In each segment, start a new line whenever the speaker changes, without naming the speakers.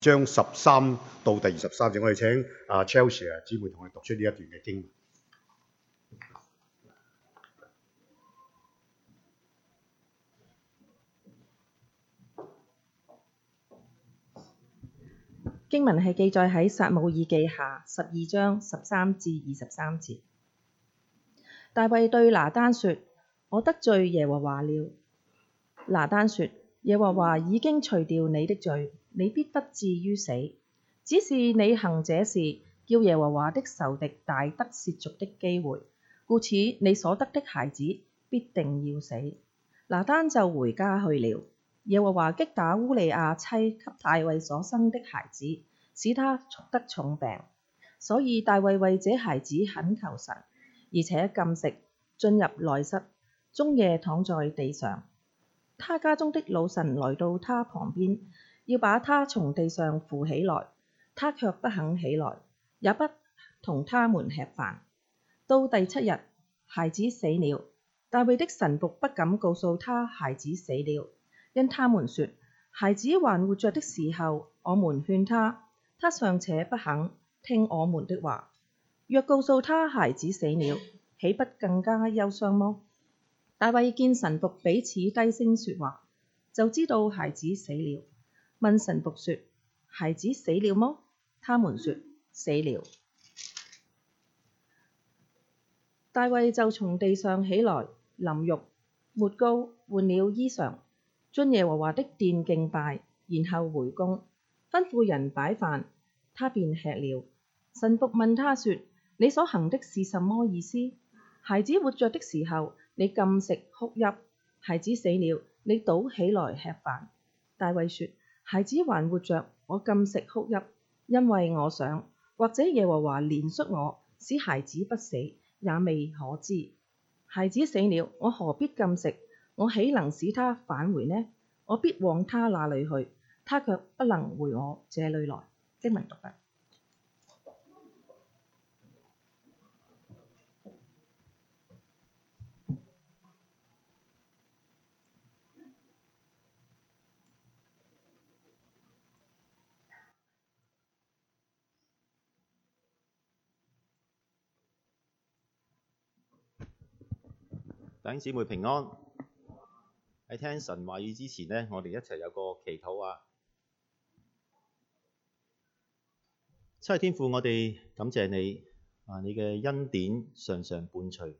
將十三到第二十三節，我哋請阿 Chelsea 啊姊妹同我哋讀出呢一段嘅經文。
經文係記載喺撒母耳記下十二章十三至二十三節。大衛對拿單說：我得罪耶和華了。拿單說：耶和華已經除掉你的罪。你必不至於死，只是你行這事叫耶和華的仇敵大得褻瀆的機會，故此你所得的孩子必定要死。拿單就回家去了。耶和華擊打烏利亞妻給大衛所生的孩子，使他得重病。所以大衛為這孩子懇求神，而且禁食，進入內室，中夜躺在地上。他家中的老臣來到他旁邊。要把他從地上扶起來，他卻不肯起來，也不同他們吃飯。到第七日，孩子死了。大衛的神僕不敢告訴他孩子死了，因他們說：孩子還活着的時候，我們勸他，他尚且不肯聽我們的話；若告訴他孩子死了，豈不更加憂傷麼？大衛見神僕彼此低聲說話，就知道孩子死了。問臣僕說：孩子死了麼？他們說死了。大衛就從地上起來，淋浴、抹膏、換了衣裳，進耶和華的殿敬拜，然後回宮，吩咐人擺飯，他便吃了。臣僕問他說：你所行的是什麼意思？孩子活着的時候，你禁食哭泣；孩子死了，你倒起來吃飯。大衛說。孩子還活着，我禁食哭泣，因為我想，或者耶和華憐恤我，使孩子不死，也未可知。孩子死了，我何必禁食？我豈能使他返回呢？我必往他那裏去，他卻不能回我這裏來。經文讀畢。
弟兄姊妹平安，喺聽神話語之前呢，我哋一齊有個祈禱啊！七日天父，我哋感謝你啊！你嘅恩典常常伴隨，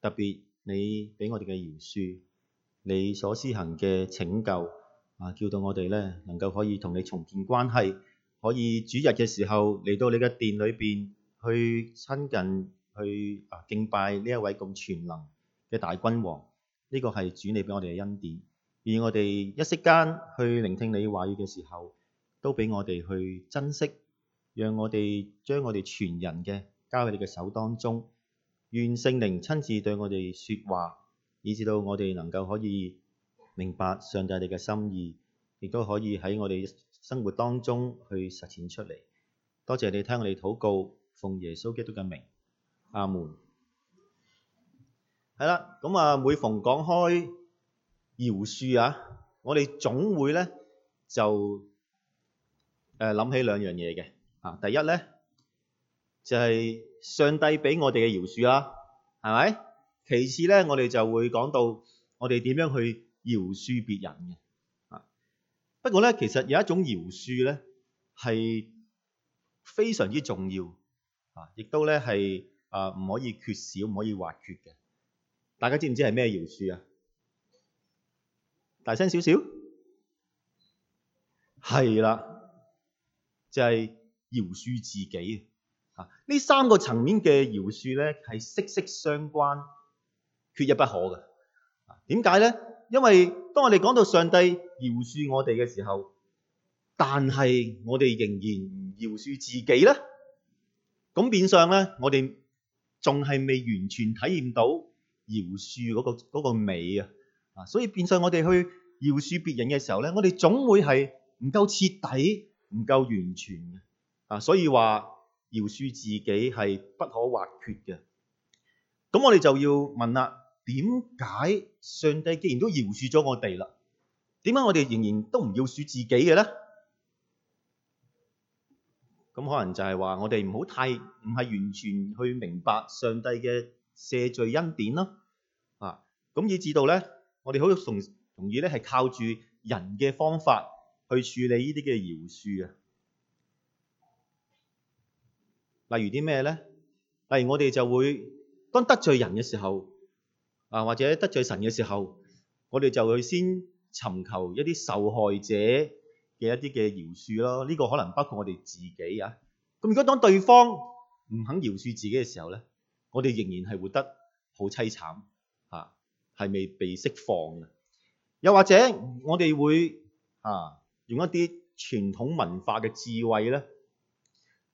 特別你畀我哋嘅饒恕，你所施行嘅拯救啊，叫到我哋咧能夠可以同你重建關係，可以主日嘅時候嚟到你嘅殿裏邊去親近，去啊敬拜呢一位咁全能嘅大君王，呢個係主你俾我哋嘅恩典，而我哋一息間去聆聽你話語嘅時候，都俾我哋去珍惜，讓我哋將我哋全人嘅交喺你嘅手當中，願聖靈親自對我哋說話，以至到我哋能夠可以明白上帝你嘅心意，亦都可以喺我哋生活當中去實踐出嚟。多謝你聽我哋禱告，奉耶穌基督嘅名，阿門。係啦，咁啊，每逢講開饒恕啊，我哋總會咧就誒諗起兩樣嘢嘅啊。第一咧就係、是、上帝俾我哋嘅饒恕啦，係咪？其次咧，我哋就會講到我哋點樣去饒恕別人嘅啊。不過咧，其實有一種饒恕咧係非常之重要啊，亦都咧係啊唔可以缺少、唔可以或缺嘅。大家知唔知係咩饒恕啊？大聲少少，係啦，就係、是、饒恕自己啊！呢三個層面嘅饒恕咧，係息息相關，缺一不可嘅。點解咧？因為當我哋講到上帝饒恕我哋嘅時候，但係我哋仍然唔饒恕自己咧，咁變相咧，我哋仲係未完全體驗到。饒恕嗰個美啊，啊，所以變相我哋去饒恕別人嘅時候咧，我哋總會係唔夠徹底、唔夠完全嘅啊，所以話饒恕自己係不可或缺嘅。咁我哋就要問啦：點解上帝既然都饒恕咗我哋啦，點解我哋仍然都唔饒恕自己嘅咧？咁可能就係話我哋唔好太唔係完全去明白上帝嘅赦罪恩典咯啊！咁以至到咧，我哋好容容易咧，係靠住人嘅方法去處理呢啲嘅饒恕啊。例如啲咩咧？例如我哋就會當得罪人嘅時候啊，或者得罪神嘅時候，我哋就會先尋求一啲受害者嘅一啲嘅饒恕咯。呢、啊這個可能包括我哋自己啊。咁如果當對方唔肯饒恕自己嘅時候咧？我哋仍然係活得好凄慘嚇，係、啊、未被釋放嘅。又或者我哋會嚇、啊、用一啲傳統文化嘅智慧咧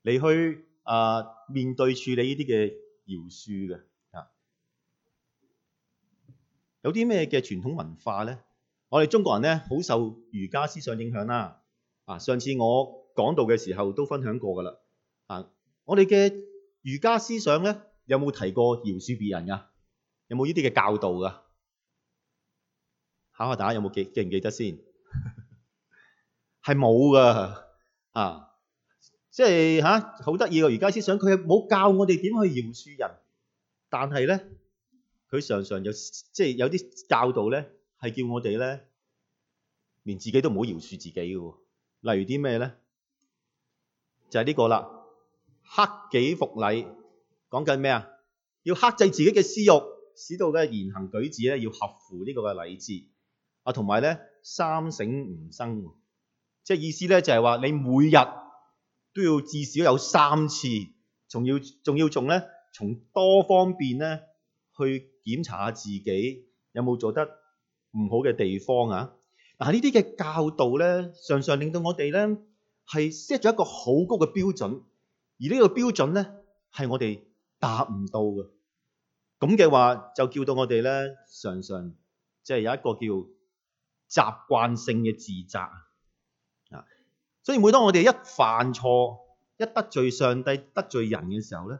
嚟去啊面對處理呢啲嘅饒恕嘅啊，有啲咩嘅傳統文化咧？我哋中國人咧好受儒家思想影響啦啊！上次我講道嘅時候都分享過噶啦啊，我哋嘅儒家思想咧。有冇提過饒恕別人㗎、啊？有冇呢啲嘅教導㗎？考下大家有冇記記唔記得先？係冇㗎，啊，即係嚇好得意喎！而家思想佢冇教我哋點去饒恕人，但係咧，佢常常又即係有啲、就是、教導咧，係叫我哋咧，連自己都唔好饒恕自己㗎喎。例如啲咩咧？就係、是、呢個啦，克己復禮。講緊咩啊？要克制自己嘅私欲，使到嘅言行舉止咧要合乎呢個嘅禮節啊，同埋咧三省吾身，即係意思咧就係話你每日都要至少有三次，仲要仲要從咧從多方面咧去檢查下自己有冇做得唔好嘅地方啊！嗱、啊，呢啲嘅教導咧，常常令到我哋咧係 set 咗一個好高嘅標準，而呢個標準咧係我哋。達唔到嘅，咁嘅話就叫到我哋咧，常常即係有一個叫習慣性嘅自責啊，所以每當我哋一犯錯、一得罪上帝、得罪人嘅時候咧，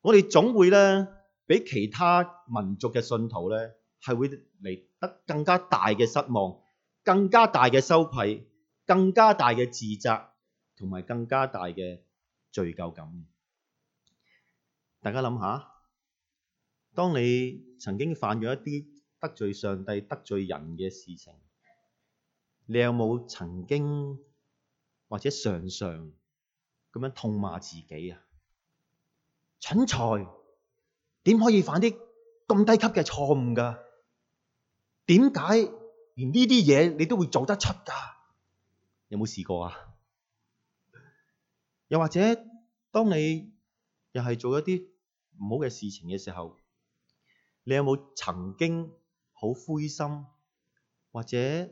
我哋總會咧比其他民族嘅信徒咧係會嚟得更加大嘅失望、更加大嘅羞愧、更加大嘅自責同埋更加大嘅罪疚感。大家諗下，當你曾經犯咗一啲得罪上帝、得罪人嘅事情，你有冇曾經或者常常咁樣痛罵自己啊？蠢才，點可以犯啲咁低級嘅錯誤㗎？點解連呢啲嘢你都會做得出㗎？有冇試過啊？又或者當你又係做一啲唔好嘅事情嘅時候，你有冇曾經好灰心，或者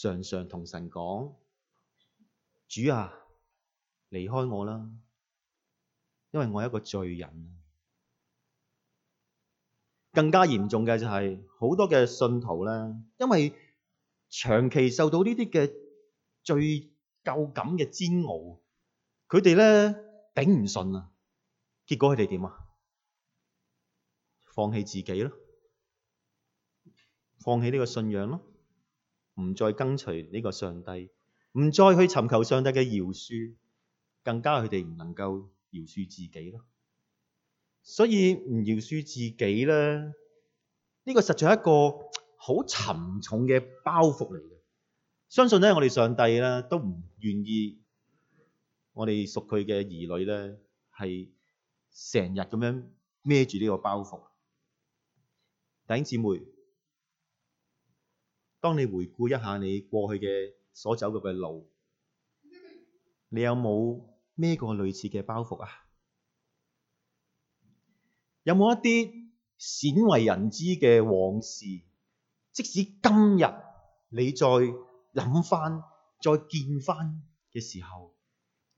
常常同神講：主啊，離開我啦，因為我係一個罪人。更加嚴重嘅就係、是、好多嘅信徒啦，因為長期受到呢啲嘅罪疚感嘅煎熬，佢哋咧頂唔順啊，結果佢哋點啊？放棄自己咯，放棄呢個信仰咯，唔再跟隨呢個上帝，唔再去尋求上帝嘅饒恕，更加佢哋唔能夠饒恕自己咯。所以唔饒恕自己咧，呢個實在係一個好沉重嘅包袱嚟嘅。相信咧，我哋上帝咧都唔願意，我哋屬佢嘅兒女咧係成日咁樣孭住呢個包袱。弟兄姊妹，當你回顧一下你過去嘅所走過嘅路，你有冇孭過類似嘅包袱啊？有冇一啲鮮為人知嘅往事？即使今日你再諗翻、再見翻嘅時候，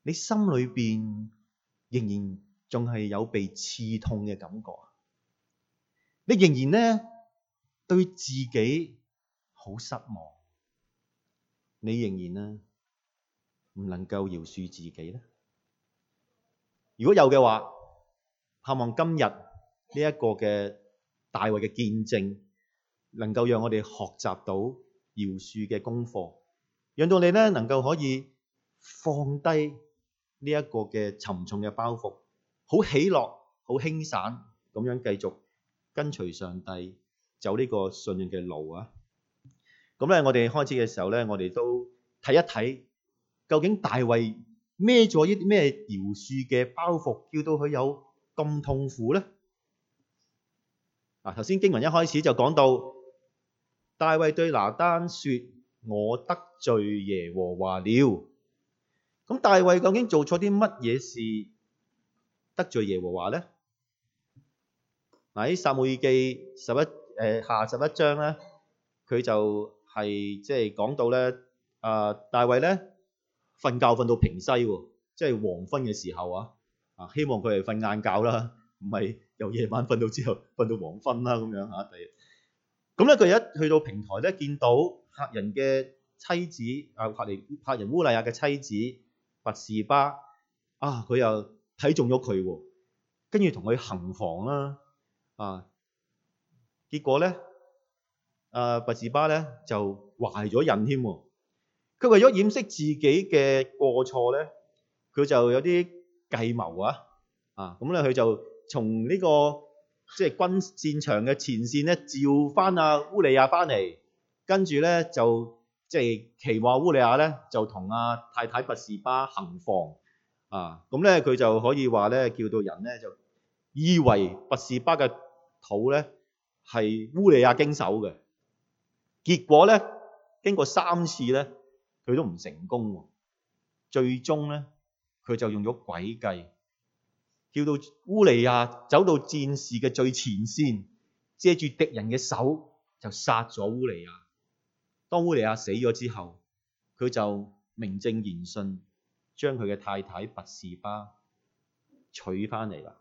你心裏邊仍然仲係有被刺痛嘅感覺。你仍然呢對自己好失望，你仍然呢唔能夠饒恕自己咧。如果有嘅話，盼望今日呢一個嘅大衛嘅見證，能夠讓我哋學習到饒恕嘅功課，讓到你呢能夠可以放低呢一個嘅沉重嘅包袱，好喜樂、好輕散咁樣繼續跟隨上帝走呢個信任嘅路啊！咁咧，我哋開始嘅時候呢，我哋都睇一睇究竟大衛孭咗一啲咩饒恕嘅包袱，叫到佢有咁痛苦呢。啊，頭先經文一開始就講到大衛對拿單說：我得罪耶和華了。咁大衛究竟做錯啲乜嘢事得罪耶和華呢？」喺撒母耳記十一誒下十一章咧，佢就係即係講到咧啊、呃，大衛咧瞓覺瞓到平西喎，即係黃昏嘅時候啊，啊希望佢係瞓晏覺啦，唔係由夜晚瞓到之後瞓到黃昏啦咁樣嚇。咁咧，佢、嗯、一去到平台咧，見到客人嘅妻子啊，客人客人烏利亞嘅妻子拔士巴啊，佢又睇中咗佢喎，跟住同佢行房啦。啊，結果咧，啊，拔士巴咧就懷咗孕添喎。佢為咗掩飾自己嘅過錯咧，佢就有啲計謀啊。啊，咁咧佢就從呢、這個即係、就是、軍戰場嘅前線咧召翻啊烏利亞翻嚟，跟住咧就即係、就是、奇話烏利亞咧就同阿太太拔士巴行房啊，咁咧佢就可以話咧，叫到人咧就以為拔士巴嘅。好，咧係烏利亞經手嘅，結果咧經過三次咧佢都唔成功喎，最終咧佢就用咗詭計，叫到烏利亞走到戰事嘅最前線，藉住敵人嘅手就殺咗烏利亞。當烏利亞死咗之後，佢就名正言順將佢嘅太太拔士巴娶翻嚟啦。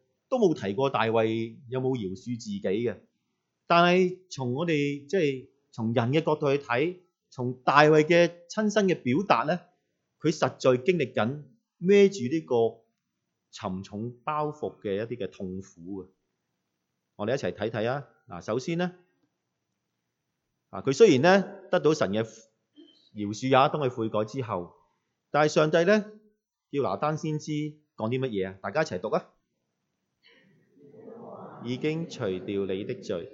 都冇提過大衛有冇饒恕自己嘅，但係從我哋即係從人嘅角度去睇，從大衛嘅親身嘅表達咧，佢實在經歷緊孭住呢個沉重包袱嘅一啲嘅痛苦嘅。我哋一齊睇睇啊！嗱，首先咧，啊佢雖然咧得到神嘅饒恕啊，當佢悔改之後，但係上帝咧要拿單先知講啲乜嘢啊？大家一齊讀啊！已經除掉你的罪。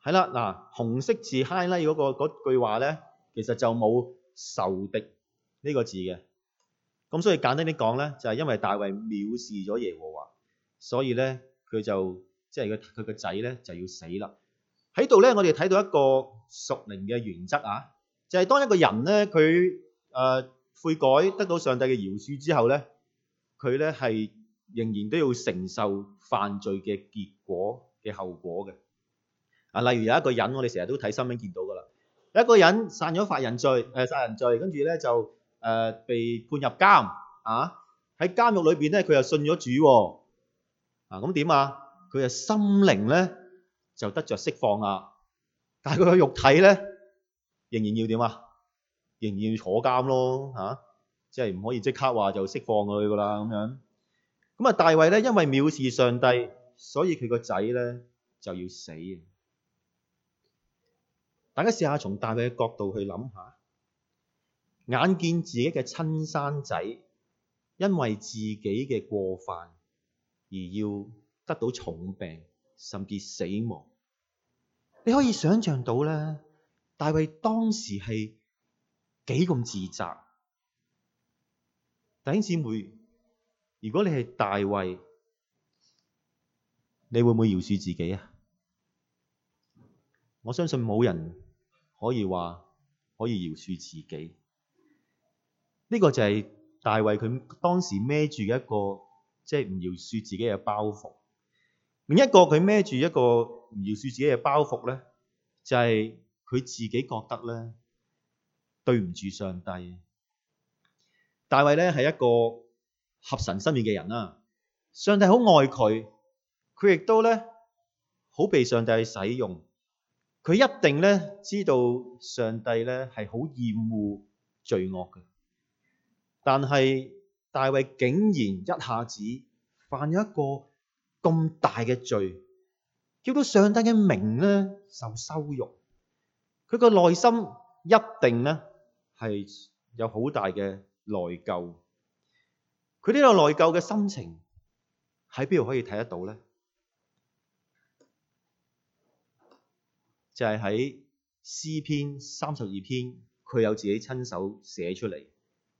係啦，嗱， 紅色字 highlight 嗰、嗰個嗰個嗰個、句話咧，其實就冇仇敵呢個字嘅。咁所以簡單啲講咧，就係、是、因為大衛藐視咗耶和華，所以咧佢就即係佢佢個仔咧就要死啦。喺度咧，我哋睇到一個屬靈嘅原則啊，就係當一個人咧，佢誒悔改得到上帝嘅饒恕之後咧，佢咧係仍然都要承受犯罪嘅結果嘅後果嘅啊。例如有一個人，我哋成日都睇新聞見到㗎啦，有一個人犯咗殺人罪，誒殺人罪，跟住咧就誒被判入監啊。喺監獄裏邊咧，佢又信咗主喎啊。咁點啊？佢嘅心靈咧。就得着釋放啊！但係佢個肉體咧，仍然要點啊？仍然要坐監咯嚇，啊，即係唔可以即刻話就釋放佢噶啦咁樣。咁啊，大衛咧，因為藐視上帝，所以佢個仔咧就要死。大家試下從大衛嘅角度去諗下，眼見自己嘅親生仔因為自己嘅過犯而要得到重病，甚至死亡。你可以想象到咧，大衛當時係幾咁自責。弟兄姊妹，如果你係大衛，你會唔會饒恕自己啊？我相信冇人可以話可以饒恕自己。呢個就係大衛佢當時孭住嘅一個，即係唔饒恕自己嘅包袱。另一個佢孭住一個唔要恕自己嘅包袱咧，就係佢自己覺得咧對唔住上帝。大衛咧係一個合神心意嘅人啦，上帝好愛佢，佢亦都咧好被上帝使用。佢一定咧知道上帝咧係好厭惡罪惡嘅，但係大衛竟然一下子犯咗一個。咁大嘅罪，叫到上帝嘅名咧受羞辱，佢個內心一定咧係有好大嘅內疚。佢呢個內疚嘅心情喺邊度可以睇得到咧？就係喺詩篇三十二篇，佢有自己親手寫出嚟，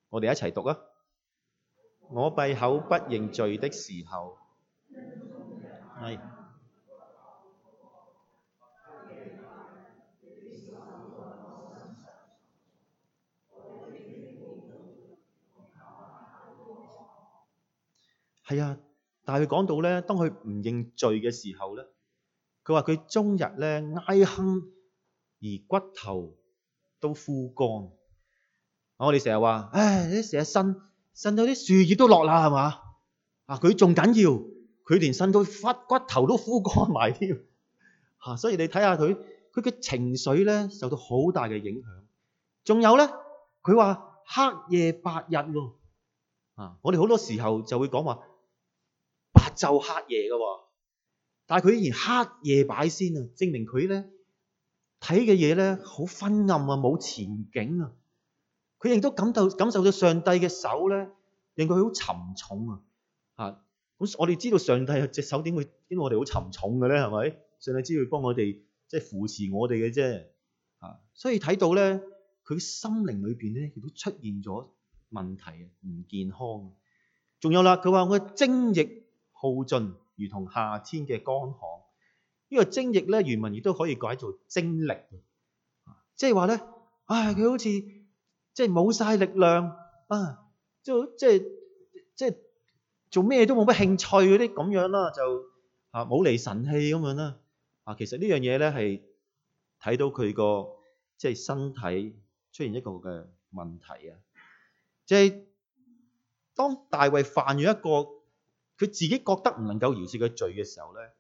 我哋一齊讀啊！我閉口不認罪的時候。係啊，但係佢講到咧，當佢唔認罪嘅時候咧，佢話佢終日咧唉哼，而骨頭都枯乾。我哋成日話，唉，你成日呻，呻到啲樹葉都落啦，係嘛？啊，佢仲緊要。佢連身到骨骨頭都枯乾埋添，嚇、啊！所以你睇下佢，佢嘅情緒咧受到好大嘅影響。仲有咧，佢話黑夜白日喎，啊！我哋好多時候就會講話白晝黑夜嘅喎，但係佢依然黑夜擺先啊，證明佢咧睇嘅嘢咧好昏暗啊，冇前景啊。佢亦都感到感受到上帝嘅手咧，令佢好沉重啊，嚇！咁我哋知道上帝隻手點會因為我哋好沉重嘅咧，係咪？上帝只會幫我哋即係扶持我哋嘅啫。啊，所以睇到咧，佢心靈裏邊咧亦都出現咗問題，唔健康。仲有啦，佢話我嘅精液耗盡，如同夏天嘅乾旱。呢個精液咧，原文亦都可以改做精力。哎、力啊，即係話咧，唉，佢好似即係冇晒力量啊，即即係即係。做咩都冇乜興趣嗰啲咁樣啦、啊，就啊冇離神氣咁樣啦、啊。啊，其實呢樣嘢咧係睇到佢個即係身體出現一個嘅問題啊。即係當大衛犯咗一個佢自己覺得唔能夠饒恕嘅罪嘅時候咧，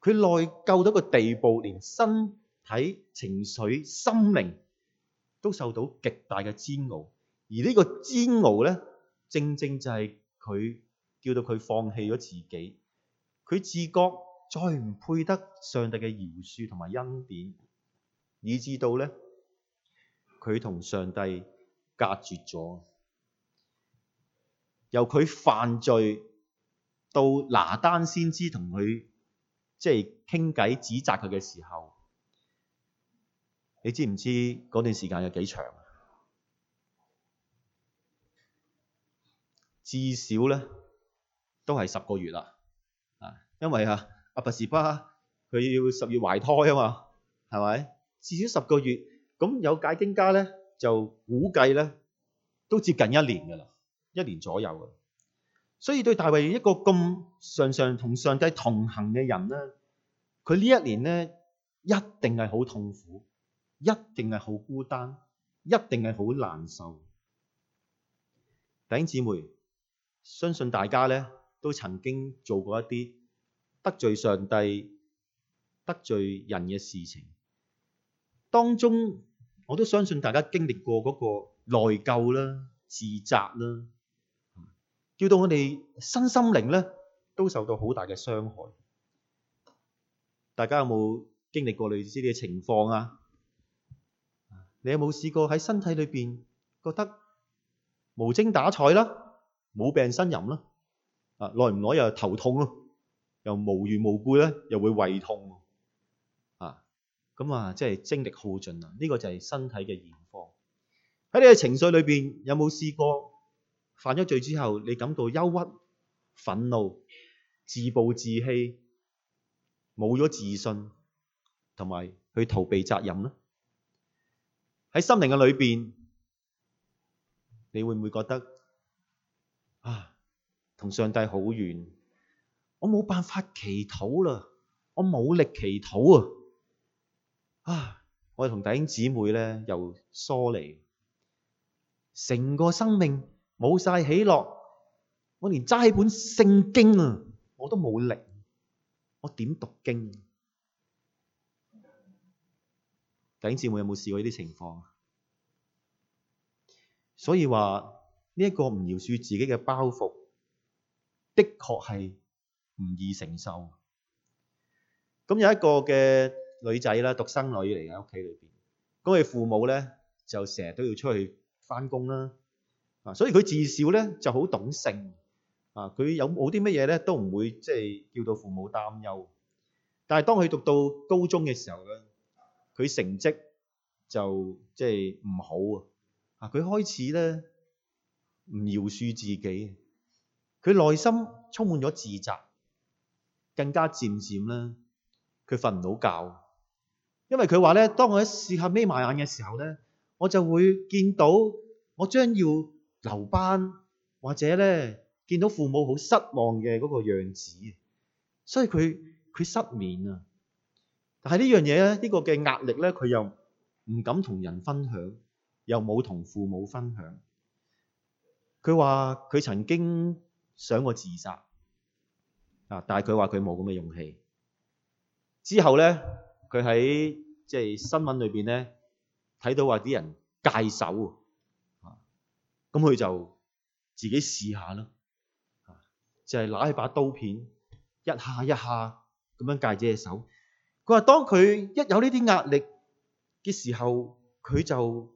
佢內疚到個地步，連身體、情緒、心靈都受到極大嘅煎熬。而呢個煎熬咧，正正正就係佢。叫到佢放棄咗自己，佢自覺再唔配得上帝嘅饒恕同埋恩典，以至到咧佢同上帝隔絕咗。由佢犯罪到拿單先知同佢即係傾偈指責佢嘅時候，你知唔知嗰段時間有幾長？至少咧。都係十個月啦，啊，因為啊，阿拔士巴佢要十月懷胎啊嘛，係咪？至少十個月，咁有解經家咧就估計咧都接近一年㗎啦，一年左右㗎。所以對大衛一個咁常常同上帝同行嘅人咧，佢呢一年咧一定係好痛苦，一定係好孤單，一定係好難受。弟兄姊妹，相信大家咧。都曾經做過一啲得罪上帝、得罪人嘅事情，當中我都相信大家經歷過嗰個內疚啦、自責啦，叫到我哋身心靈咧都受到好大嘅傷害。大家有冇經歷過類似呢個情況啊？你有冇試過喺身體裏邊覺得無精打采啦、冇病呻吟啦？啊，耐唔耐又頭痛咯，又無緣無故咧，又會胃痛啊，咁啊，即係精力耗盡啊，呢個就係身體嘅現況。喺你嘅情緒裏邊，有冇試過犯咗罪之後，你感到憂鬱、憤怒、自暴自棄、冇咗自信，同埋去逃避責任呢？喺心靈嘅裏邊，你會唔會覺得啊？同上帝好遠，我冇辦法祈禱啦，我冇力祈禱啊！啊，我同弟兄姊妹咧又疏離，成個生命冇晒喜樂，我連揸起本聖經啊，我都冇力，我點讀經？嗯、弟兄姊妹有冇試過呢啲情況啊？所以話呢一個唔饒恕自己嘅包袱。的確係唔易承受。咁有一個嘅女仔啦，獨生女嚟嘅，屋企裏邊，咁佢父母咧就成日都要出去返工啦。啊，所以佢自小咧就好懂性。啊，佢有冇啲乜嘢咧都唔會即係、就是、叫到父母擔憂。但係當佢讀到高中嘅時候咧，佢成績就即係唔好啊。啊，佢開始咧唔饒恕自己。佢內心充滿咗自責，更加漸漸啦。佢瞓唔到覺，因為佢話咧，當我喺試下眯埋眼嘅時候咧，我就會見到我將要留班，或者咧見到父母好失望嘅嗰個樣子，所以佢佢失眠啊。但係呢樣嘢咧，呢個嘅壓力咧，佢又唔敢同人分享，又冇同父母分享。佢話佢曾經，想我自殺啊！但係佢話佢冇咁嘅勇氣。之後咧，佢喺即係新聞裏邊咧睇到話啲人戒手啊，咁佢就自己試下啦、啊。就係攞起把刀片，一下一下咁樣戒自己隻手。佢話當佢一有呢啲壓力嘅時候，佢就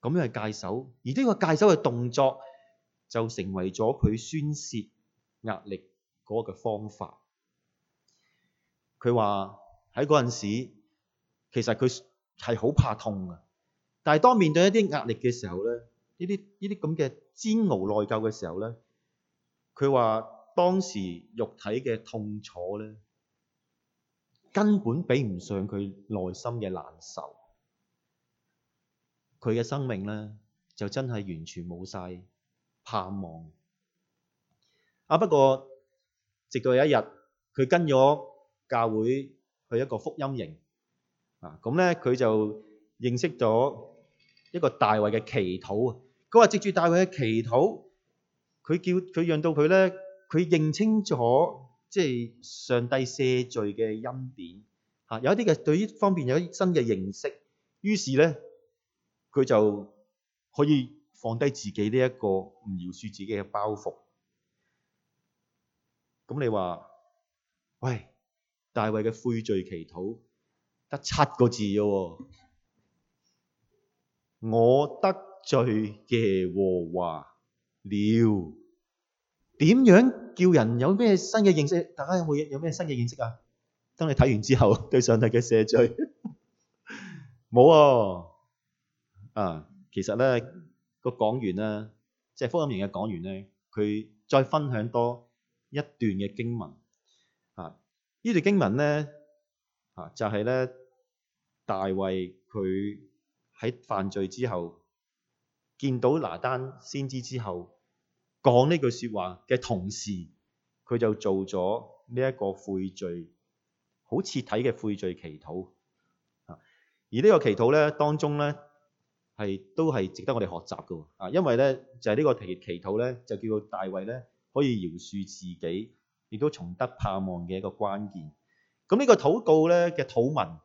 咁樣去戒手，而呢個戒手嘅動作。就成為咗佢宣泄壓力嗰個方法。佢話喺嗰陣時，其實佢係好怕痛嘅，但係當面對一啲壓力嘅時候咧，呢啲呢啲咁嘅煎熬內疚嘅時候咧，佢話當時肉體嘅痛楚咧，根本比唔上佢內心嘅難受。佢嘅生命咧就真係完全冇晒盼望啊！不過直到有一日，佢跟咗教會去一個福音營啊，咁咧佢就認識咗一個大衞嘅祈禱啊！佢話藉住大衞嘅祈禱，佢叫佢讓到佢咧，佢認清楚即係上帝赦罪嘅恩典嚇、啊，有一啲嘅對呢方面有新嘅認識，於是咧佢就可以，放低自己呢一個唔饒恕自己嘅包袱，咁你話：喂，大衛嘅悔罪祈禱得七個字㗎喎，我得罪耶和華了，點樣叫人有咩新嘅認識？大家有冇有咩新嘅認識啊？等你睇完之後對上帝嘅赦罪冇 啊，啊，其實咧。個講員咧，即係福音型嘅講員咧，佢再分享多一段嘅經文。啊，呢段經文咧，啊就係咧，大衛佢喺犯罪之後，見到拿單先知之後，講呢句説話嘅同時，佢就做咗呢一個悔罪好徹底嘅悔罪祈禱。啊，而呢個祈禱咧，當中咧。係都係值得我哋學習噶，啊，因為咧就係、是、呢個祈，祈禱咧，就叫做大衛咧可以饒恕自己，亦都重得盼望嘅一個關鍵。咁、嗯、呢、這個禱告咧嘅禱文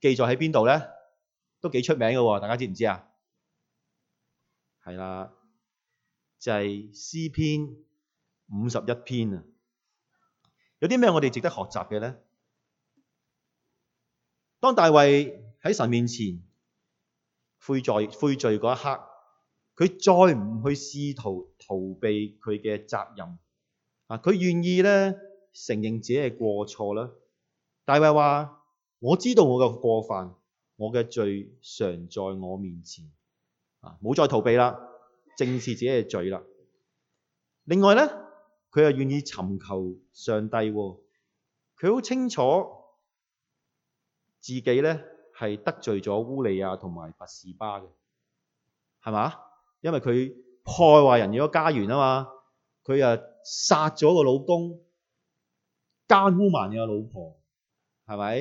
記載喺邊度呢？都幾出名噶，大家知唔知啊？係啦，就係、是、詩篇五十一篇啊。有啲咩我哋值得學習嘅呢？當大衛喺神面前。悔罪悔罪嗰一刻，佢再唔去試圖逃避佢嘅責任啊！佢願意咧承認自己嘅過錯啦。大衛話：我知道我嘅過犯，我嘅罪常在我面前啊！冇再逃避啦，正視自己嘅罪啦。另外咧，佢又願意尋求上帝。佢好、啊、清楚自己咧。係得罪咗烏利亞同埋拔士巴嘅，係嘛？因為佢破壞人哋一個家園啊嘛，佢啊殺咗個老公，奸污埋你個老婆，係咪？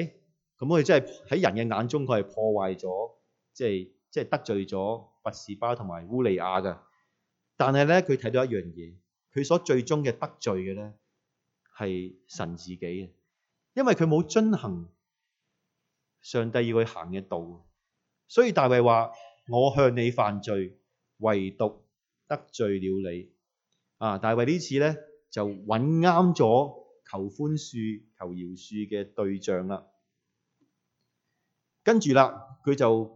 咁佢真係喺人嘅眼中，佢係破壞咗，即係即係得罪咗拔士巴同埋烏利亞嘅。但係咧，佢睇到一樣嘢，佢所最終嘅得罪嘅咧，係神自己嘅，因為佢冇遵行。上帝要佢行嘅道，所以大衛話：我向你犯罪，唯獨得罪了你。啊，大衛呢次咧就揾啱咗求寬恕、求饒恕嘅對象啦。跟住啦，佢就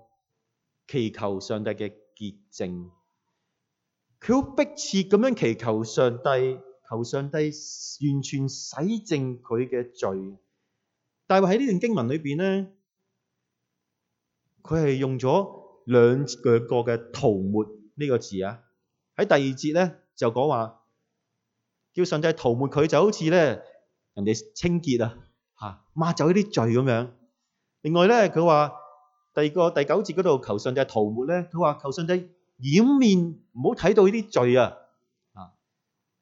祈求上帝嘅潔淨，佢好迫切咁樣祈求上帝，求上帝完全洗淨佢嘅罪。大衛喺呢段經文裏邊咧。佢係用咗兩兩個嘅塗抹呢個字啊，喺第二節咧就講話叫上帝塗抹佢，就好似咧人哋清潔啊嚇、啊、抹走啲罪咁樣。另外咧，佢話第二個第九節嗰度求上帝塗抹咧，佢話求上帝掩面唔好睇到呢啲罪啊啊。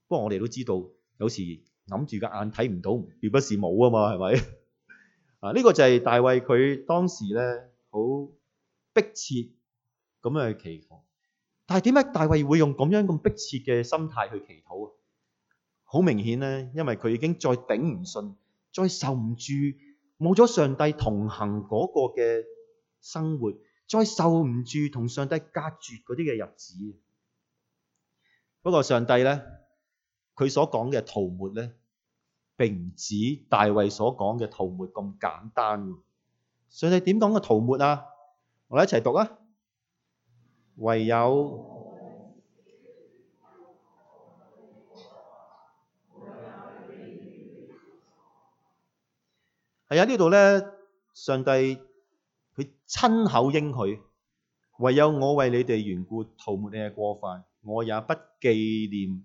不過我哋都知道，有時諗住個眼睇唔到，並不是冇啊嘛，係咪啊？呢、 啊呢個就係大衛佢當時咧。好逼切咁樣去祈福，但係點解大衛會用咁樣咁逼切嘅心態去祈禱啊？好明顯咧，因為佢已經再頂唔順，再受唔住冇咗上帝同行嗰個嘅生活，再受唔住同上帝隔絕嗰啲嘅日子。不過上帝咧，佢所講嘅塗抹咧，並唔止大衛所講嘅塗抹咁簡單。上帝點講嘅塗抹啊？我哋一齊讀啊！唯有係啊，呢度咧，上帝佢親口應許，唯有我為你哋緣故塗抹你嘅過犯，我也不記念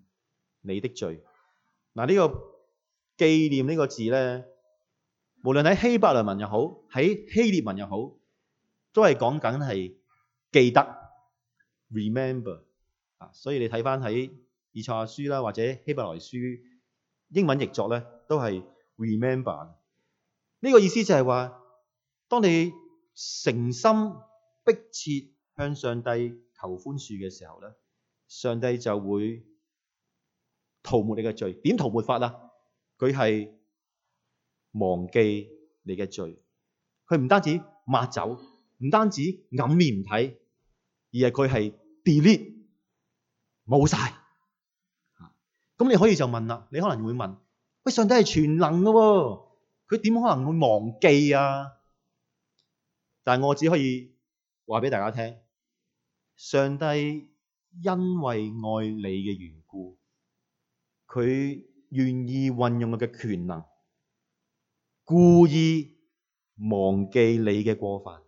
你的罪。嗱，呢個記念呢個字咧。無論喺希伯來文又好，喺希臘文又好，都係講緊係記得，remember 啊！所以你睇翻喺《以賽亞書》啦，或者希伯來書英文譯作咧，都係 remember。呢個意思就係話，當你誠心逼切向上帝求寬恕嘅時候咧，上帝就會塗抹你嘅罪。點塗抹法啊？佢係。忘記你嘅罪，佢唔單止抹走，唔單止掩面唔睇，而係佢係 delete，冇晒。咁、啊、你可以就問啦，你可能會問：喂，上帝係全能嘅，哦，佢點可能會忘記啊？但係我只可以話俾大家聽，上帝因為愛你嘅緣故，佢願意運用佢嘅權能。故意忘記你嘅過犯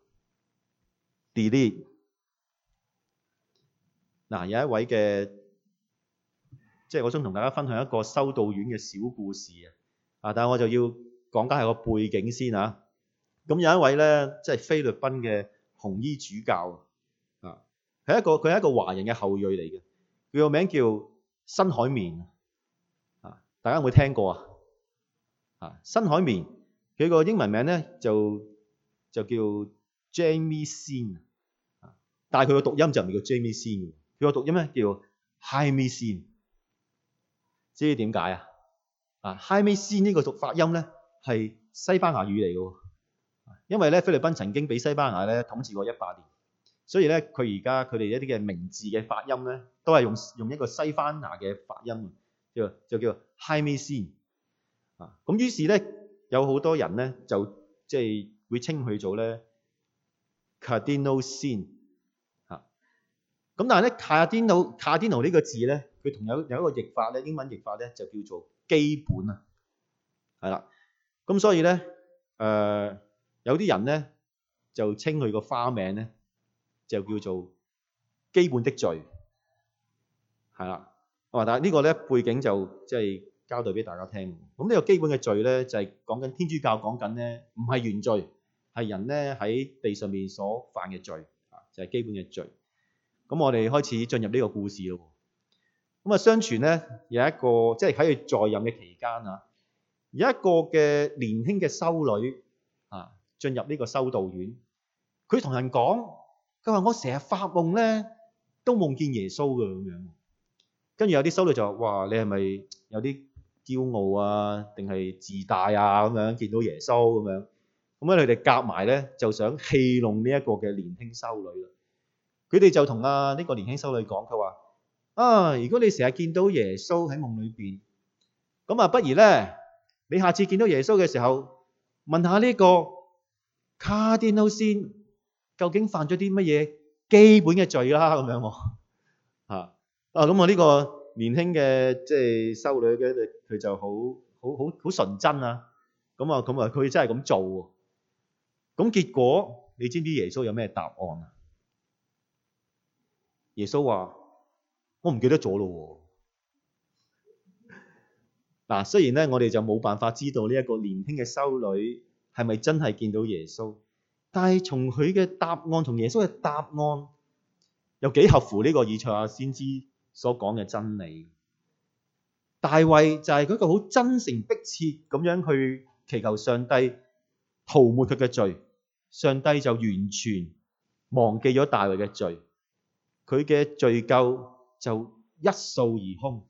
，delete。嗱、啊，有一位嘅，即係我想同大家分享一個修道院嘅小故事啊。啊，但係我就要講解下一個背景先嚇、啊。咁有一位咧，即係菲律賓嘅紅衣主教啊，係一個佢係一個華人嘅後裔嚟嘅，佢個名叫辛海棉啊，大家有冇聽過啊？啊，辛海棉。佢個英文名咧就就叫 Jamie Sin 啊，但係佢個讀音就唔係叫 Jamie Sin。佢個讀音咧叫 Hi Me Sin。知唔知點解啊？啊 Hi Me Sin 呢個讀發音咧係西班牙語嚟嘅，因為咧菲律賓曾經俾西班牙咧統治過一百年，所以咧佢而家佢哋一啲嘅名字嘅發音咧都係用用一個西班牙嘅發音叫就叫，就叫 Hi Me Sin 啊。咁於是咧。有好多人咧，就即係會稱佢做咧 Cardinal sin 吓。咁但係咧，Cardinal，Cardinal 呢個字咧，佢同有有一個譯法咧，英文譯法咧就叫做基本啊，係啦。咁所以咧，誒有啲人咧就稱佢個花名咧就叫做基本的罪，係啦。啊，但係呢個咧背景就即係。交代俾大家聽，咁呢個基本嘅罪咧，就係講緊天主教講緊咧，唔係原罪，係人咧喺地上面所犯嘅罪啊，就係基本嘅罪。咁我哋開始進入呢個故事咯。咁啊，相傳咧有一個即係喺佢在任嘅期間啊，有一個嘅年輕嘅修女啊，進入呢個修道院，佢同人講，佢話我成日發夢咧，都夢見耶穌嘅咁樣。跟住有啲修女就話：哇，你係咪有啲？驕傲啊，定係自大啊，咁樣見到耶穌咁樣，咁咧佢哋夾埋咧就想戲弄呢一個嘅年輕修女啦。佢哋就同啊呢個年輕修女講，佢話：啊，如果你成日見到耶穌喺夢裏邊，咁啊，不如咧你下次見到耶穌嘅時候，問下呢個卡甸奴先究竟犯咗啲乜嘢基本嘅罪啦，咁樣喎。嚇，啊咁啊呢個。年輕嘅即係修女嘅，佢就好好好好純真啊！咁啊，咁啊，佢真係咁做。咁結果你知唔知耶穌有咩答案啊？耶穌話：我唔記得咗咯。嗱，雖然咧，我哋就冇辦法知道呢一個年輕嘅修女係咪真係見到耶穌，但係從佢嘅答案同耶穌嘅答案，有幾合乎呢個意象啊？先知所講嘅真理，大衛就係嗰個好真誠迫切咁樣去祈求上帝塗抹佢嘅罪，上帝就完全忘記咗大衛嘅罪，佢嘅罪咎就一掃而空，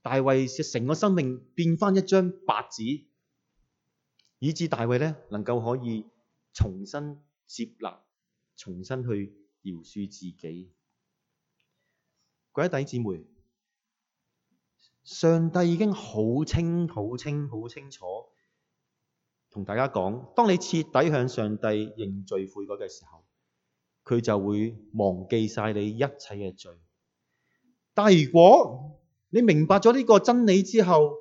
大衛成個生命變返一張白紙，以致大衛呢能夠可以重新接納，重新去饒恕自己。各位弟兄姊妹，上帝已經好清、好清、好清楚同大家講，當你徹底向上帝認罪悔過嘅時候，佢就會忘記晒你一切嘅罪。但如果你明白咗呢個真理之後，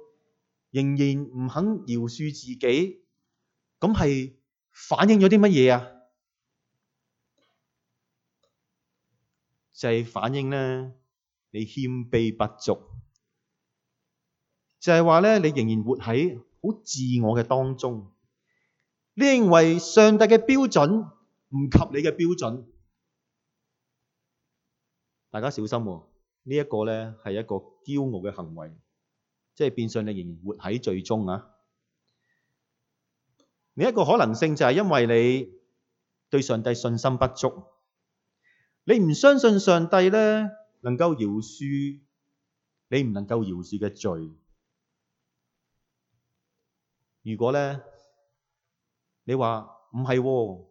仍然唔肯饒恕自己，咁係反映咗啲乜嘢啊？就係反映呢。你謙卑不足，就係話咧，你仍然活喺好自我嘅當中，你認為上帝嘅標準唔及你嘅標準。大家小心、哦，呢一個咧係一個驕傲嘅行為，即係變相你仍然活喺罪中啊！另一個可能性就係因為你對上帝信心不足，你唔相信上帝咧，能夠饒恕你唔能夠饒恕嘅罪，如果咧你話唔係喎，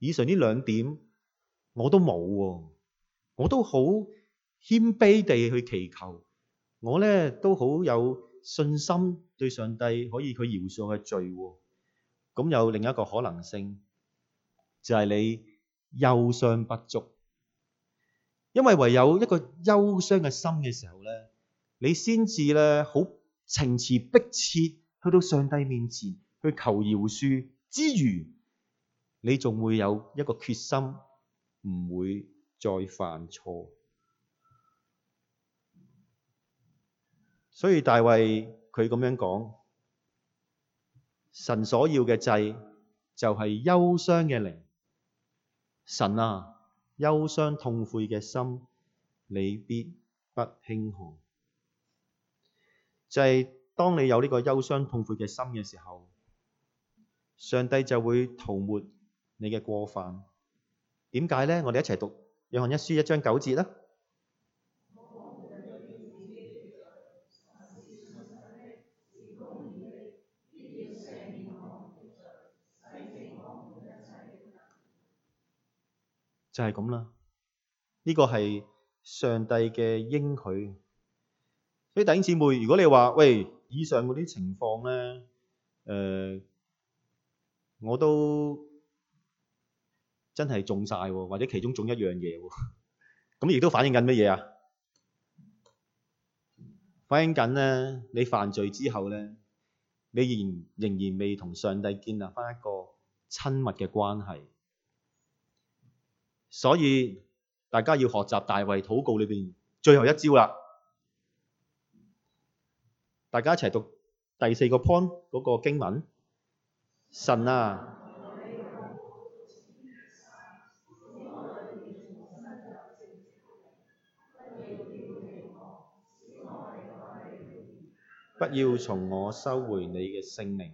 以上呢兩點我都冇喎，我都好謙卑地去祈求，我咧都好有信心對上帝可以去饒恕嘅罪喎，咁有另一個可能性就係你憂傷不足。因為唯有一個憂傷嘅心嘅時候呢，你先至呢好情詞逼切去到上帝面前去求饒恕之餘，你仲會有一個決心唔會再犯錯。所以大衛佢咁樣講，神所要嘅祭就係憂傷嘅靈，神啊！憂傷痛悔嘅心，你必不輕看。就係、是、當你有呢個憂傷痛悔嘅心嘅時候，上帝就會塗抹你嘅過犯。點解咧？我哋一齊讀約翰一書一章九節啦。就係咁啦，呢、這個係上帝嘅應許。所以弟兄姊妹，如果你話喂，以上嗰啲情況咧，誒、呃、我都真係中晒曬，或者其中中一樣嘢喎，咁亦都反映緊乜嘢啊？反映緊咧，你犯罪之後咧，你仍仍然未同上帝建立翻一個親密嘅關係。所以大家要學習大衛禱告裏邊最後一招啦！大家一齊讀第四個 point 嗰、那個經文：神啊， 不要從我收回你嘅性命。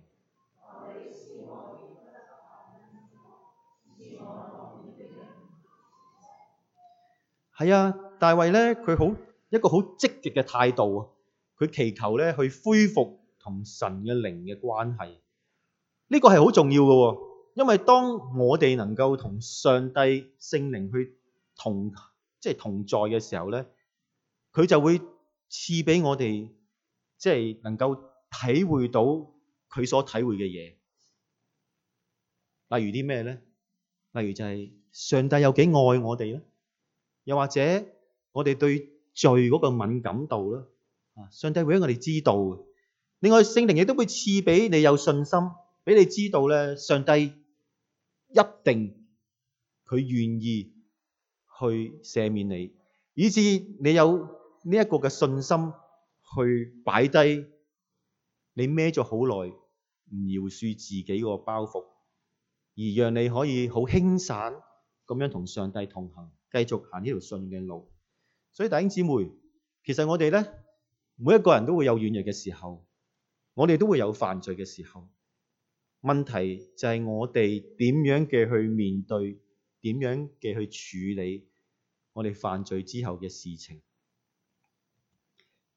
係啊，大衛咧，佢好一個好積極嘅態度啊！佢祈求咧去恢復同神嘅靈嘅關係，呢、這個係好重要噶。因為當我哋能夠同上帝聖靈去同即係、就是、同在嘅時候咧，佢就會賜俾我哋即係能夠體會到佢所體會嘅嘢，例如啲咩咧？例如就係上帝有幾愛我哋咧？又或者我哋對罪嗰個敏感度啦，啊，上帝會俾我哋知道嘅。另外聖靈亦都會賜俾你有信心，俾你知道咧，上帝一定佢願意去赦免你，以至你有呢一個嘅信心去擺低你孭咗好耐唔饒恕自己嗰個包袱，而讓你可以好輕省咁樣同上帝同行，繼續行呢條信嘅路，所以弟兄姊妹，其實我哋咧，每一個人都會有軟弱嘅時候，我哋都會有犯罪嘅時候。問題就係我哋點樣嘅去面對，點樣嘅去處理我哋犯罪之後嘅事情。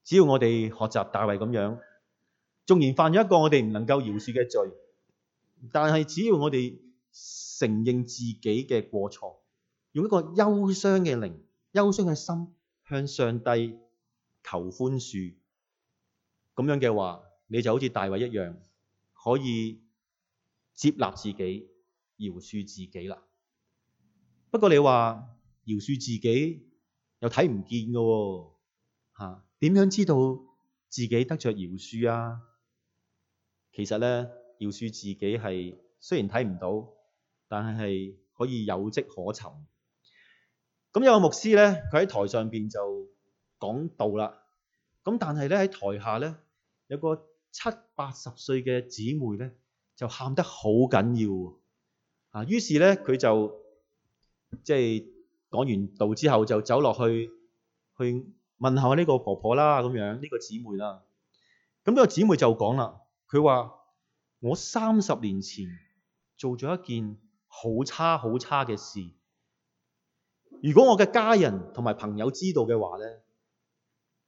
只要我哋學習大衛咁樣，縱然犯咗一個我哋唔能夠饒恕嘅罪，但係只要我哋承認自己嘅過錯。用一個憂傷嘅靈、憂傷嘅心向上帝求寬恕，咁樣嘅話，你就好似大衛一樣，可以接納自己、饒恕自己啦。不過你話饒恕自己又睇唔見嘅喎、哦，嚇、啊、點樣知道自己得着饒恕啊？其實咧，饒恕自己係雖然睇唔到，但係可以有跡可尋。咁有個牧師咧，佢喺台上邊就講道啦。咁但係咧喺台下咧，有個七八十歲嘅姊妹咧，就喊得好緊要啊。於是咧佢就即係講完道之後，就走落去去問下呢個婆婆啦，咁樣呢個姊妹啦。咁呢個姊妹就講啦，佢話我三十年前做咗一件好差好差嘅事。如果我嘅家人同埋朋友知道嘅話咧，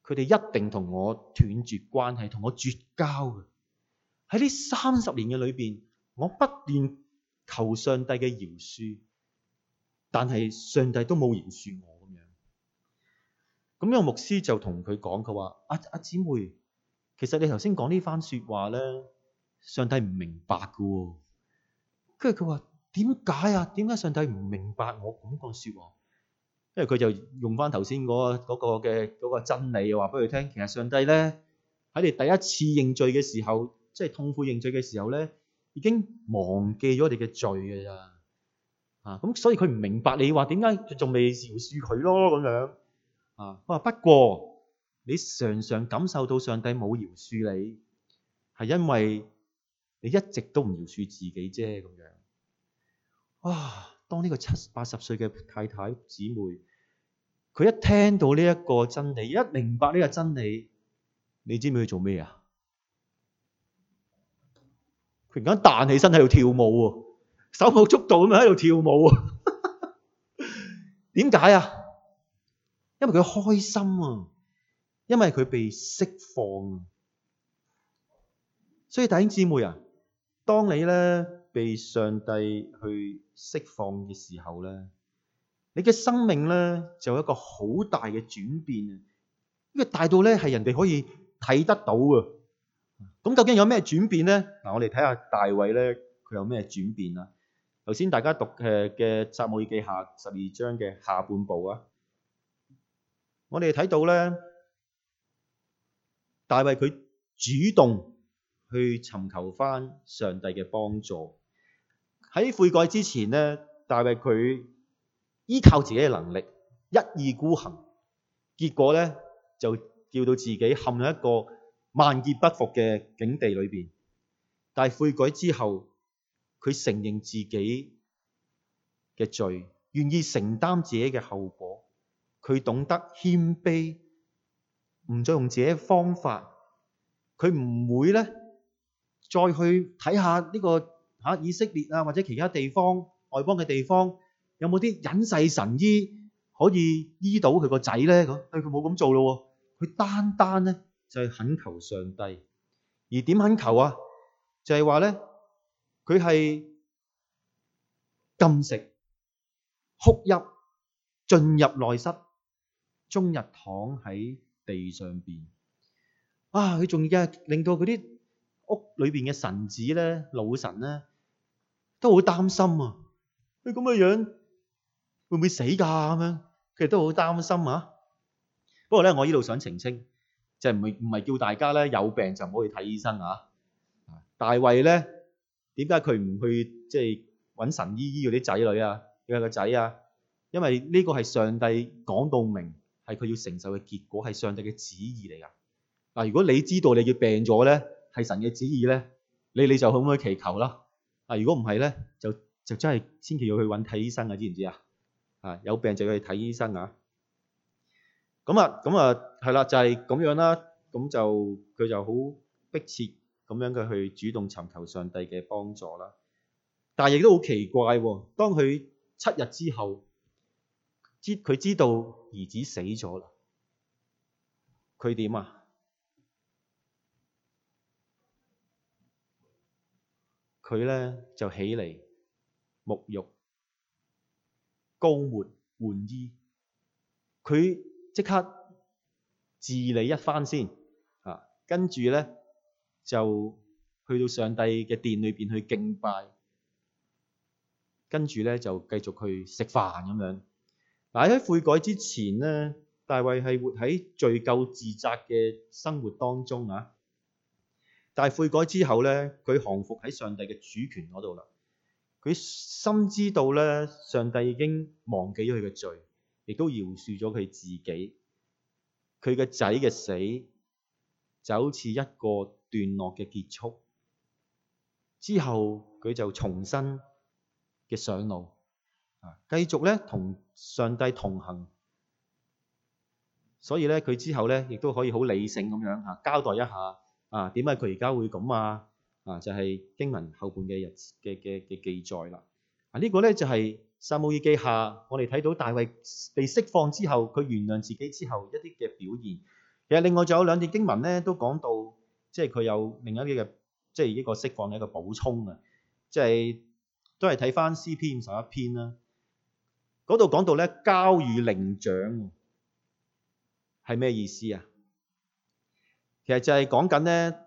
佢哋一定同我斷絕關係，同我絕交嘅。喺呢三十年嘅裏邊，我不斷求上帝嘅饒恕，但係上帝都冇饒恕我咁樣。咁樣牧師就同佢講，佢話：阿阿姊妹，其實你頭先講呢番說話咧，上帝唔明白噶。跟住佢話：點解啊？點解上帝唔明白我咁個說話？因為佢就用翻頭先嗰個嘅，嗰個嗰個真理話俾佢聽。其實上帝咧，喺你第一次認罪嘅時候，即係痛悔認罪嘅時候咧，已經忘記咗你嘅罪嘅咋啊？咁所以佢唔明白你話，點解仲未饒恕佢咯咁樣啊？佢話，不過你常常感受到上帝冇饒恕你，係因為你一直都唔饒恕自己啫咁樣啊。當呢個七八十歲嘅太太姊妹，佢一聽到呢一個真理，一明白呢個真理，你知唔知佢做咩啊？突然間彈起身喺度跳舞喎，手舞足蹈咁喺度跳舞啊！點解啊？因為佢開心啊，因為佢被釋放啊！所以弟兄姊妹啊，當你咧。被上帝去釋放嘅時候咧，你嘅生命咧就有一個好大嘅轉變，呢個大到咧係人哋可以睇得到嘅。咁究竟有咩轉變咧？嗱、嗯啊，我哋睇下大衛咧，佢有咩轉變啊？頭先大家讀誒嘅撒母耳記下十二章嘅下半部啊，我哋睇到咧，大衛佢主動去尋求翻上帝嘅幫助。喺悔改之前咧，大衛佢依靠自己嘅能力，一意孤行，結果咧就叫到自己陷入一個萬劫不復嘅境地裏邊。但係悔改之後，佢承認自己嘅罪，願意承擔自己嘅後果，佢懂得謙卑，唔再用自己嘅方法，佢唔會咧再去睇下呢、這個。嚇！以色列啊，或者其他地方外邦嘅地方，有冇啲隱世神醫可以醫到佢個仔咧？咁，但佢冇咁做咯。佢單單咧就係懇求上帝，而點懇求啊？就係話咧，佢係禁食、哭泣、進入內室，終日躺喺地上邊。啊！佢仲要係令到嗰啲屋裏邊嘅神子咧、老神咧。都好擔心啊！佢咁嘅樣會唔會死噶咁樣？其實都好擔心啊。不過咧，我呢度想澄清，就係唔係唔係叫大家咧有病就唔好去睇醫生啊。大衛咧，點解佢唔去即係搵神醫醫佢啲仔女啊？佢個仔啊，因為呢個係上帝講到明，係佢要承受嘅結果，係上帝嘅旨意嚟噶。嗱，如果你知道你嘅病咗咧，係神嘅旨意咧，你你就可唔可以祈求啦？啊！如果唔係咧，就就真係千祈要去揾睇醫生嘅、啊，知唔知啊？啊！有病就要去睇醫生啊！咁啊，咁啊，係、啊、啦、啊，就係、係、咁樣啦、啊。咁、嗯、就佢就好迫切咁樣佢去主動尋求上帝嘅幫助啦、啊。但係亦都好奇怪喎、啊，當佢七日之後，知佢知道兒子死咗啦，佢點啊？佢咧就起嚟沐浴、高沫換衣，佢即刻自理一番先嚇、啊，跟住咧就去到上帝嘅殿裏邊去敬拜，跟住咧就繼續去食飯咁樣。但、啊、喺悔改之前咧，大衛係活喺罪疚自責嘅生活當中啊。但係悔改之後咧，佢降服喺上帝嘅主權嗰度啦。佢深知道咧，上帝已經忘記咗佢嘅罪，亦都饒恕咗佢自己。佢嘅仔嘅死就好似一個段落嘅結束，之後佢就重新嘅上路啊，繼續咧同上帝同行。所以咧，佢之後咧亦都可以好理性咁樣吓交代一下。啊點解佢而家會咁啊？啊就係、是、經文後半嘅日嘅嘅嘅記載啦。啊、這個、呢個咧就係撒母耳記下，我哋睇到大衛被釋放之後，佢原諒自己之後一啲嘅表現。其實另外仲有兩段經文咧，都講到即係佢有另一啲嘅，即係一個釋放嘅一個補充啊。即係都係睇翻詩篇五十一篇啦。嗰度講到咧交與伶長係咩意思啊？其實就係講緊咧，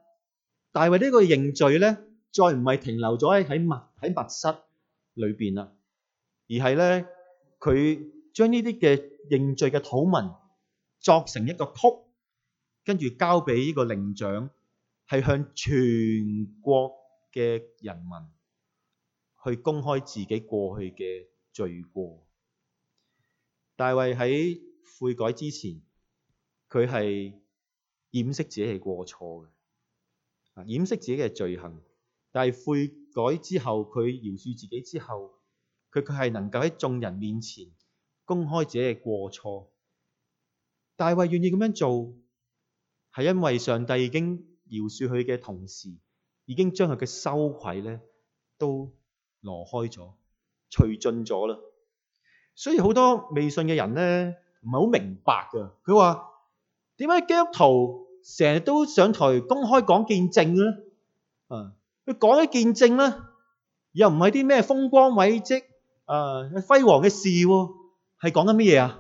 大衛呢個認罪咧，再唔係停留咗喺密喺密室裏邊啦，而係咧，佢將呢啲嘅認罪嘅土文作成一個曲，跟住交俾呢個伶長，係向全國嘅人民去公開自己過去嘅罪過。大衛喺悔改之前，佢係。掩飾自己嘅過錯嘅，啊，掩飾自己嘅罪行。但係悔改之後，佢饒恕自己之後，佢佢係能夠喺眾人面前公開自己嘅過錯。大衛願意咁樣做，係因為上帝已經饒恕佢嘅同時，已經將佢嘅羞愧咧都挪開咗，除盡咗啦。所以好多未信嘅人咧，唔係好明白㗎，佢話。點解基督徒成日都上台公開講見證咧？啊，佢講啲見證咧，又唔係啲咩風光偉績、啊輝煌嘅事，係講緊乜嘢啊？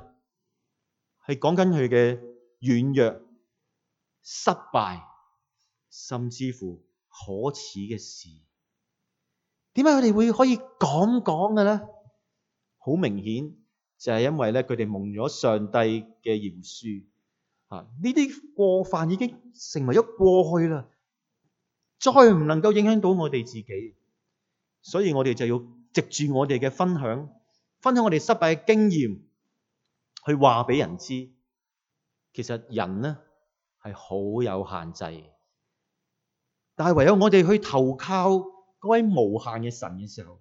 係講緊佢嘅軟弱、失敗，甚至乎可恥嘅事。點解佢哋會可以咁講嘅咧？好明顯就係因為咧，佢哋蒙咗上帝嘅饒恕。啊！呢啲過犯已經成為咗過去啦，再唔能夠影響到我哋自己，所以我哋就要藉住我哋嘅分享，分享我哋失敗嘅經驗，去話俾人知。其實人咧係好有限制，但係唯有我哋去投靠嗰位無限嘅神嘅時候，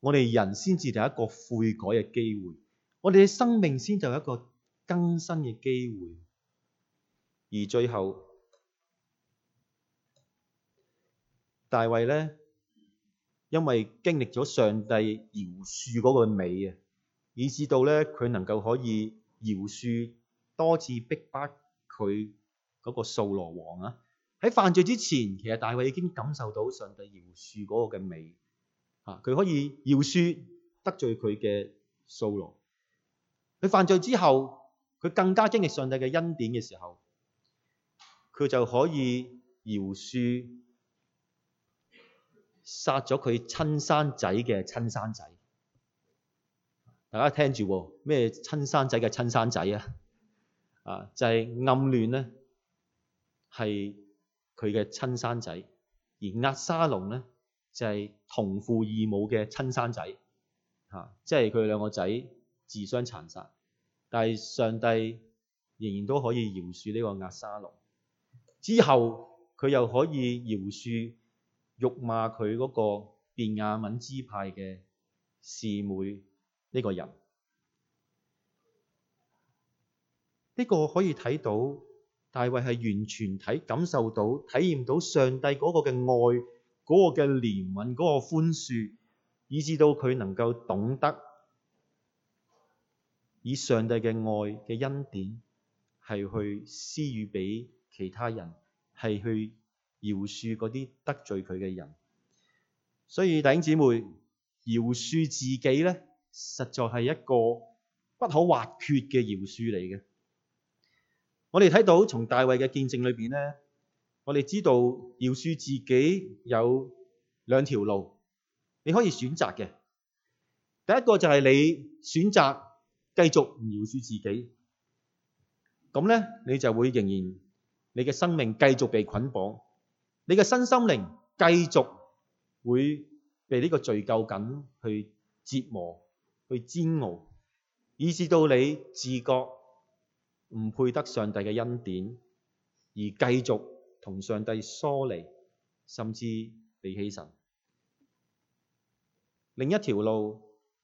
我哋人先至第一個悔改嘅機會，我哋嘅生命先就有一個更新嘅機會。而最後，大衛咧，因為經歷咗上帝饒恕嗰個美啊，以至到咧佢能夠可以饒恕多次逼迫佢嗰個掃羅王啊。喺犯罪之前，其實大衛已經感受到上帝饒恕嗰個嘅美啊，佢可以饒恕得罪佢嘅掃羅。佢犯罪之後，佢更加經歷上帝嘅恩典嘅時候。佢就可以饒恕殺咗佢親生仔嘅親生仔。大家聽住喎，咩親生仔嘅親生仔啊？啊，就係、是、暗嫩咧，係佢嘅親生仔，而押沙龍咧就係、是、同父異母嘅親生仔。嚇、啊，即係佢兩個仔自相殘殺，但係上帝仍然都可以饒恕呢個押沙龍。之後，佢又可以饒恕、辱罵佢嗰個便雅憫支派嘅示每呢個人。呢個可以睇到，大衛係完全體感受到、體驗到上帝嗰個嘅愛、嗰個嘅憐憫、嗰個寬恕，以至到佢能夠懂得以上帝嘅愛嘅恩典係去施與俾。其他人係去饒恕嗰啲得罪佢嘅人，所以弟兄姊妹饒恕自己咧，實在係一個不可或缺嘅饒恕嚟嘅。我哋睇到從大衛嘅見證裏邊咧，我哋知道饒恕自己有兩條路，你可以選擇嘅。第一個就係你選擇繼續唔饒恕自己，咁咧你就會仍然，你嘅生命繼續被捆綁，你嘅身心靈繼續會被呢個罪疚感去折磨、去煎熬，以致到你自覺唔配得上帝嘅恩典，而繼續同上帝疏離，甚至背棄神。另一條路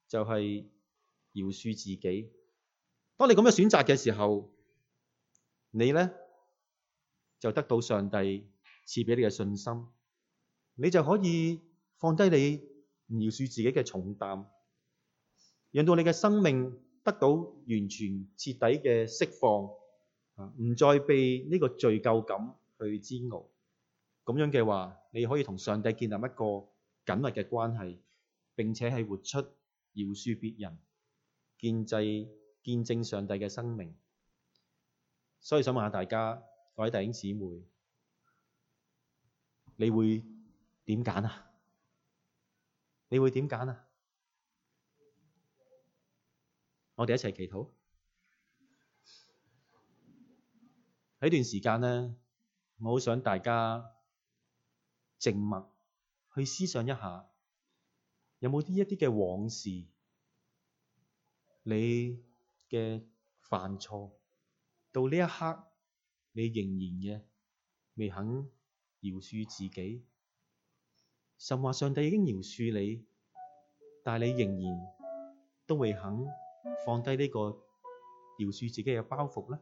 就係饒恕自己。當你咁樣選擇嘅時候，你咧，就得到上帝賜俾你嘅信心，你就可以放低你饒恕自己嘅重擔，讓到你嘅生命得到完全徹底嘅釋放，唔再被呢個罪疚感去煎熬。咁樣嘅話，你可以同上帝建立一個緊密嘅關係，並且係活出饒恕別人、見制見證上帝嘅生命。所以想問下大家。各位弟兄姊妹，你會點揀啊？你會點揀啊？我哋一齊祈禱。喺段時間呢，我好想大家靜默去思想一下，有冇啲一啲嘅往事，你嘅犯錯到呢一刻？你仍然嘅未肯饒恕自己，甚或上帝已經饒恕你，但你仍然都未肯放低呢個饒恕自己嘅包袱
咧。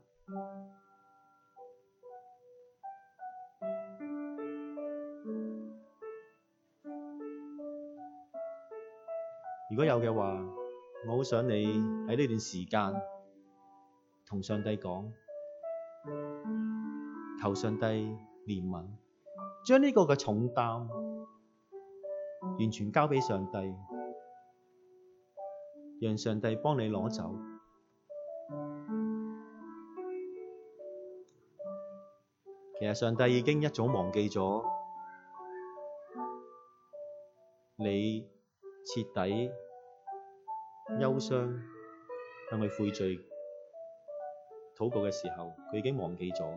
如果有嘅話，我好想你喺呢段時間同上帝講。求上帝憐憫，將呢個嘅重擔完全交俾上帝，讓上帝幫你攞走。其實上帝已經一早忘記咗你徹底憂傷，向佢悔罪禱告嘅時候，佢已經忘記咗。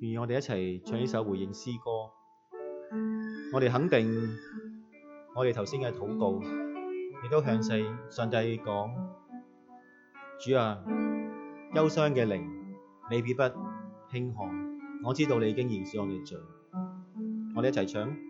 不如我哋一齊唱呢首回應詩歌。我哋肯定，我哋頭先嘅禱告，亦都向世上帝講：主啊，憂傷嘅靈，你必不輕看。我知道你已經饒恕我哋罪。我哋一齊唱。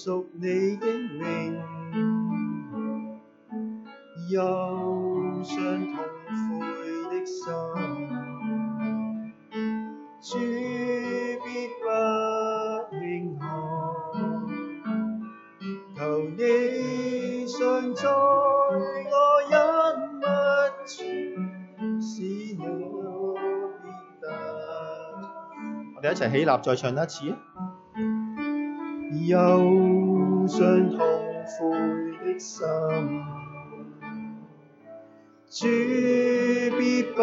屬你英名，憂傷痛悔的心，主必不輕看。求你常在我，不我，我一旁，使我能得。
我哋一齊起立，再唱一次啊！
憂傷痛悔的心，主必不。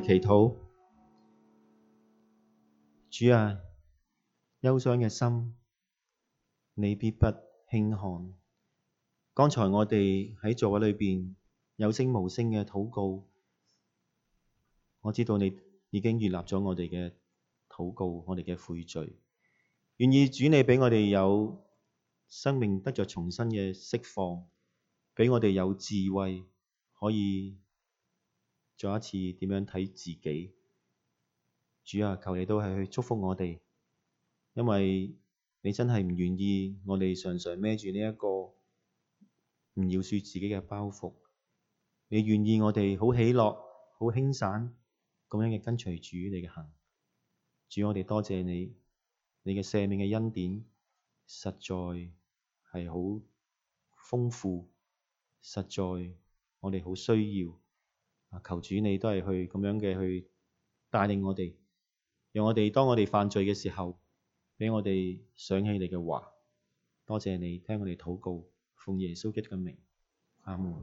祈禱，主啊，憂傷嘅心，你必不輕看。剛才我哋喺座位裏邊有聲無聲嘅禱告，我知道你已經悅納咗我哋嘅禱告，我哋嘅悔罪，願意主你畀我哋有生命得着重新嘅釋放，畀我哋有智慧可以。再一次點樣睇自己？主啊，求你都係去祝福我哋，因為你真係唔願意我哋常常孭住呢一個唔饒恕自己嘅包袱。你願意我哋好喜樂、好輕散咁樣嘅跟隨主你嘅行。主，我哋多謝你，你嘅赦免嘅恩典，實在係好豐富，實在我哋好需要。求主你都係去咁樣嘅去帶領我哋，讓我哋當我哋犯罪嘅時候，俾我哋想起你嘅話。多謝你聽我哋禱告，奉耶穌基督嘅名，阿門。